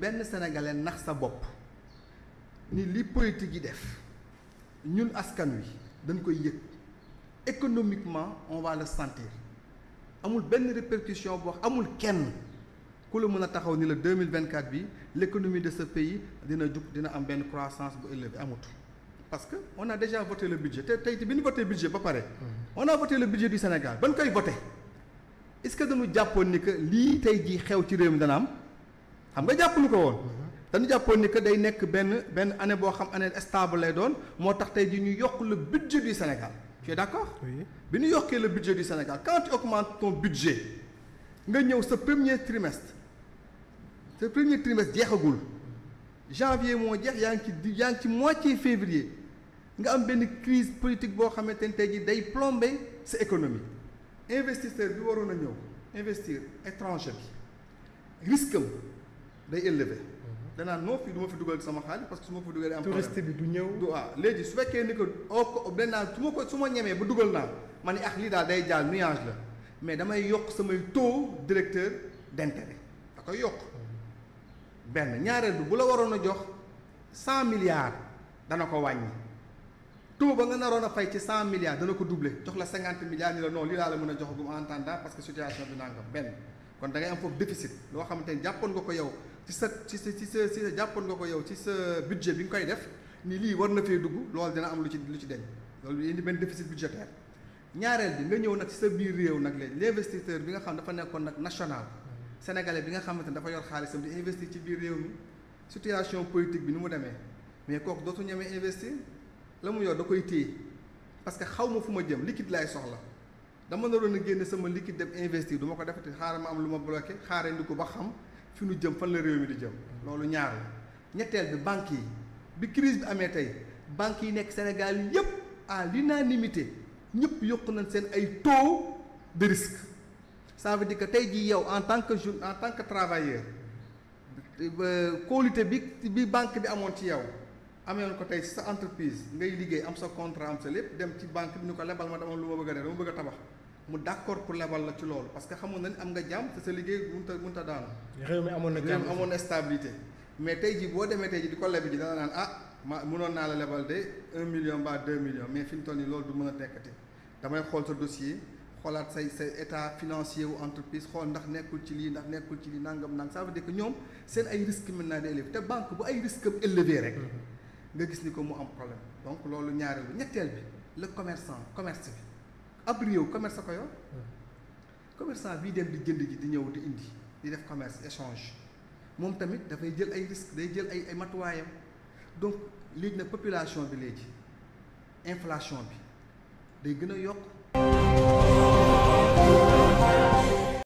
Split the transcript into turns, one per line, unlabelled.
benn sénégalais nax sa bopp ni li politique yi def ñun askan wi dañ koy yëg économiquement on va le sentir amul benn répercussion boo amul kenn ku la mën a taxaw ni la 2024 bi l'économie de ce pays dina jug dina am benn croissance bu élevée amut parce que on a déjà voté le budget te tey bi ñu voté budget ba pare mm-hmm. on a voté le budget du Sénégal ban koy voté est-ce que dañu jàppoon ni que lii tey jii xew ci réew mi dana am xam nga jàppuñu ko woon. dañu jàppoon ni que day nekk benn benn année boo xam année stable lay doon moo tax tey ji ñu yokk le budget du Sénégal tu es d'accord. bi ñu yokkee le budget du Sénégal quand tu augmentes ton budget nga ñëw sa premier trimestre sa premier trimestre jeexagul janvier moo jeex yaa ngi ci di yaa ci moitié février nga am benn crise politique boo xamante ne tey ji day plomber sa économie investisseur bi waroon a ñëw investir étranger bi risque day élevé. danaan non fii du ma fi dugal sama xaalis parce que su ma fi dugalee am touriste bi du ñëw du ah léegi su fekkee ni que oo danaan su ma ko suma ñemee ba dugal naa ma ni ah lii daal day jaal nuage la mais damay yokk samay taux directeur d'intérêt da ko yokk benn ñaareel bi bu la waroon a jox cent milliards dana ko wàññi taux ba nga naroon a fay ci cent milliards dana ko doubler jox la cinquante milliards ni la non lii laa la mën a jox bu en attendant parce que kon dangay ngay am foofu déficit loo xamante ni jàppoon nga ko yow ci sa ci sa ci sa jàppoon nga ko yow ci sa budget bi nga koy def nii lii war na fee dugg loolu dina am lu ci lu ci deñ loolu indi benn déficit budgétaire ñaareel bi nga ñëw nag ci sa biir réew nag léegi l'investisseur bi nga xam dafa nekkoon nag national sénégalais bi nga xamante dafa yor xaalis xaalisam di investir ci biir réew mi situation politique bi ni mu demee mais kooku dootu ñemee investir la mu yor da koy téye parce que xaw ma fu ma jëm liquide laay soxla dama naroon a génne sama liquide dem investir duma ko defati xaar ma am lu ma bloqué xaaral ndi ko ba xam fi nu jëm fan la réew mi di jëm loolu ñaar la ñetteel bi banques yi bi crise bi amee tey banque yi nekk Sénégal yépp à l'unanimité ñëpp yokk nañ seen ay taux de risque ça veut que tey jii yow en tant que jeune en tant que travailleur kóolute euh, bi bi banque bi amoon ci yow amee ko tey sa entreprise ngay liggéey am sa contrat am sa lépp dem ci banque bi ni ko lebal ma dama lu ma bëgg a def dama bëgg a tabax mu d'accord pour lebal la ci loolu parce que xamoon na ni am nga jàmm te sa liggéey mënut a a daanu. réew mi amoon na jàmm amoon mais tey jii boo demee tey jii di ko leb ji dana naan ah ma mënoon naa la lebal de un million mbaa deux millions mais fi mu toll nii loolu du mën a tekkati damay xool sa dossier xoolaat say say état financier wu entreprise xool ndax nekkul ci lii ndax ci lii nangam nang ça veut dire que seen ay risques mën naa di élevé te banque bu ay risques am élevé nga gis ni ko mu am problème donc loolu ñaareelu ñetteel bi le commerçant commerce bi ab réew commerce ko yor hmm. commerçant bii dem di jënd ji di ñëw di indi di def commerce échange moom tamit dafay jël ay risques day jël ay ay matuwaayam donc léegi nag population bi léegi inflation bi day gën a yokk